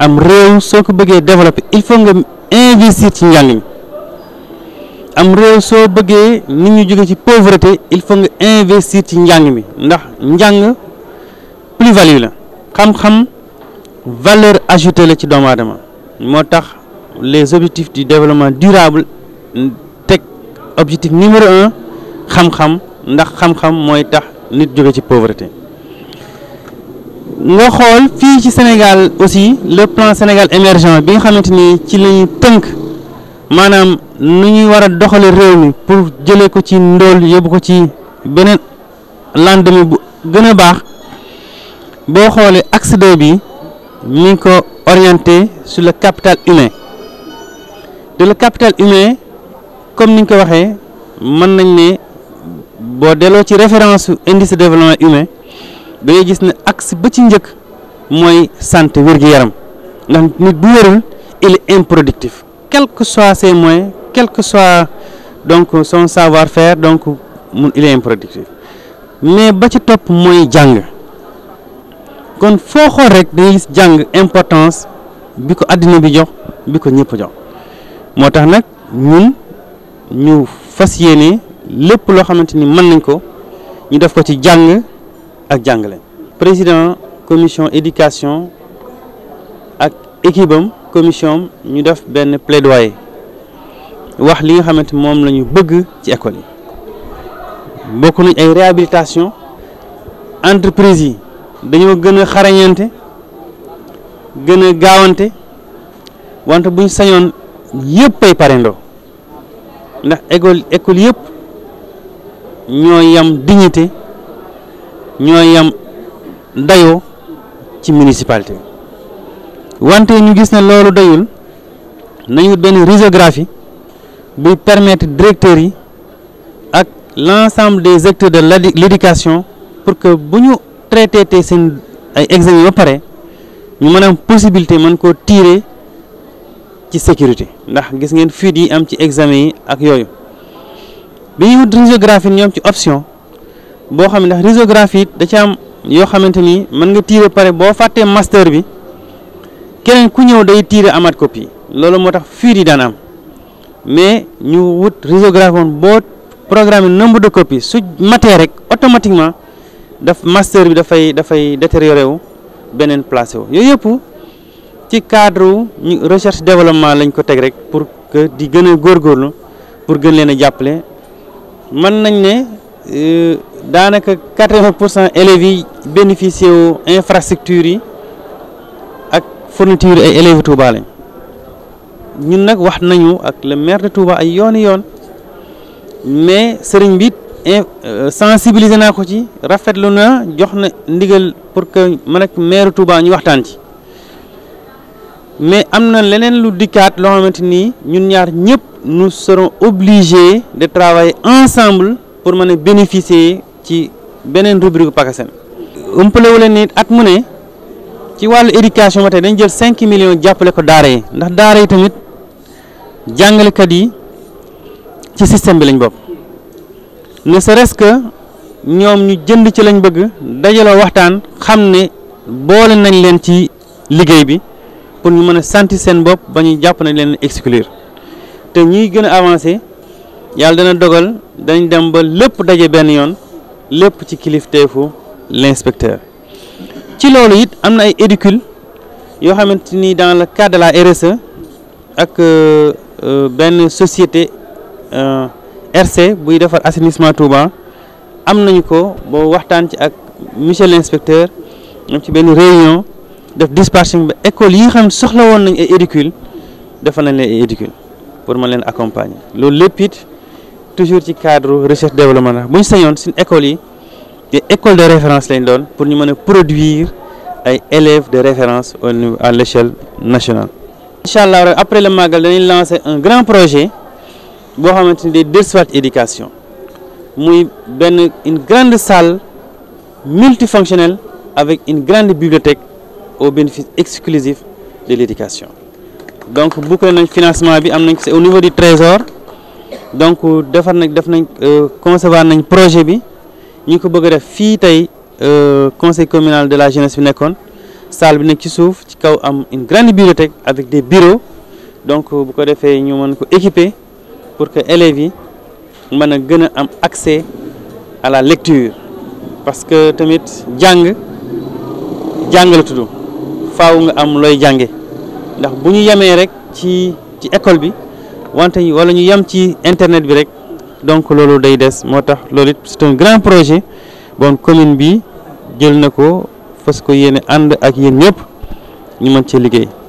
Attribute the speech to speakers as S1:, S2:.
S1: am réew soo ko bëggee développé il faut nga investir ci njàng mi am réew soo bëggee nit ñu jóge ci pauvreté il faut nga investir ci njàng mi ndax njàng plus-value la xam-xam valeur ajoutée la ci doomu aadama moo tax les objectifs du développement durable objectif numéro un xam-xam ndax xam-xam mooy tax nit jóge ci pauvreté nga xool fii ci Sénégal aussi le plan Sénégal émergent bi nga xamante ni ci lañuy tënk maanaam nu ñuy war a doxale réew mi pour jëlee ko ci ndóol yóbbu ko ci beneen lendemain bu gën a baax boo xoolee axe bi mi ngi ko orienté sur le capital humain de le capital humain comme ni ñu ko waxee mën nañ né bo delloo ci référence indice de développement humain da ngay gis né axe ba ci ñëk moy santé wér-gu-yaram ndax nit bu wërul il est improductif quel que soit ses moyens quel que soit donc son savoir-faire donc il est improductif mais ba ci top moy jang kon fo xol rek dañuy gis jang importance biko adina bi jox biko ñëpp jox motax nak ñun ñu fas yéene lépp loo xamante ni mën nañ ko ñu def ko ci jàng ak jàngale. président commission éducation ak équipe am ñu def benn plaidoyer wax li nga xamante moom lañu bëgg ci école yi bokk nañ ay réhabilitation entreprise yi dañoo gën a xarañante gën a gaawante wante buñ sañoon yëpp ay parendoo ndax école école yëpp ñoo yam dignité ñoo yam dayo ci municipalité bi wante ñu gis na loolu dayul nañu benn risographie buy permettre directeurs yi ak l'ensemble des acteurs de l'éducation pour que bu ñu traité te seen ay examen ba pare ñu mën am possibilité mën koo tiire ci sécurité ndax gis ngeen fuite yi am ci examen yi ak yooyu bi ñuy wut risographie ñoom ci option boo xam ne ndax risographie da ci am yoo xamante ni mën nga tiire pare boo fàttee master bi keneen ku ñëw day tiire amaat copie loolu moo tax fuite yi daan am mais ñu wut risographie woon boo programme nombre de copies su matee rek automatiquement daf master bi dafay dafay détérioré wu beneen placé wu yooyu yëpp ci cadre ñu recherche développement lañ ko teg rek pour que di gën a góorgóorlu pour gën leen a jàppale mën nañ ne euh, daanaka quatre-vingt pour cent élèves yi bénéficié wu infrastructure yi ak fourniture ay élèves Touba lañ ñun nag wax nañu ak le maire de Touba yoon yooni yoon mais sëriñ bi euh, sensibiliser naa ko ci rafetlu na jox na ndigal pour que mën ak maire Touba ñu waxtaan ci. mais am na leneen lu dikkaat loo xamante ni ñun ñaar ñëpp nous serons obligés de travailler ensemble pour mën a bénéficier ci beneen rubrique PACASEN ëmpalewu leen nit at mu ne ci wàllu éducation ba tey dañ jël cinq millions jàppale ko daara yi ndax daara yi tamit jàngalekat yi ci système bi lañ bopp ne serait-ce ñoom ñu jënd ci lañ bëgg dajale waxtaan xam ne boole nañ leen ci liggéey bi pour ñu mën a sentir seen bopp ba ñu jàpp nañ leen exclure te ñuy gën a avancer yàlla dana dogal dañ dem ba lépp daje benn yoon lépp ci kilifteefu l'inspecteur ci loolu it am na ay édicule yoo xamante ni dans le cadre de la RSE ak euh, euh, benn société euh, RC buy defar assainissement Touba am nañu ko boo waxtaan ci ak monsieur l'inspecteur ñoom ci benn réunion def dispatching ba école yi nga xam soxla woon nañ ay éducule defal nañ leen pour mën leen accompagner loolu lépp it toujours ci cadre recherche développement la bu ñu sañoon suñ école yi des écoles de référence lañ pour ñu produire ay élèves de référence au niveau à l'échelle nationale. après le magal dañuy lancer un grand projet pour maintenir des soirs d'éducation. éducation muy une grande salle multifonctionnelle avec une grande bibliothèque au bénéfice exclusif de l'éducation donc beaucoup de financement c'est au niveau du trésor donc pour commencer euh, concevoir projet nous avons fait ko euh, conseil communal de la jeunesse bi nekkoon salle une grande bibliothèque avec des bureaux donc nous avons pour que élèves ait accès à la lecture parce que tamit jàng tout le faaw nga am looy jànge ndax bu ñu yemee rek ci ci école bi wante wala ñu yem ci internet bi rek donc loolu day des moo tax loolu it c'est un grand projet bon commune bi jël na ko fas ko yéene ànd ak yéen ñëpp ñu mën cee liggéey